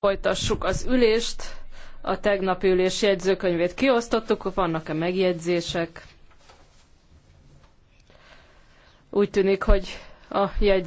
Folytassuk az ülést. A tegnapi ülés jegyzőkönyvét kiosztottuk. Vannak-e megjegyzések? Úgy tűnik, hogy a jegyzőkönyv.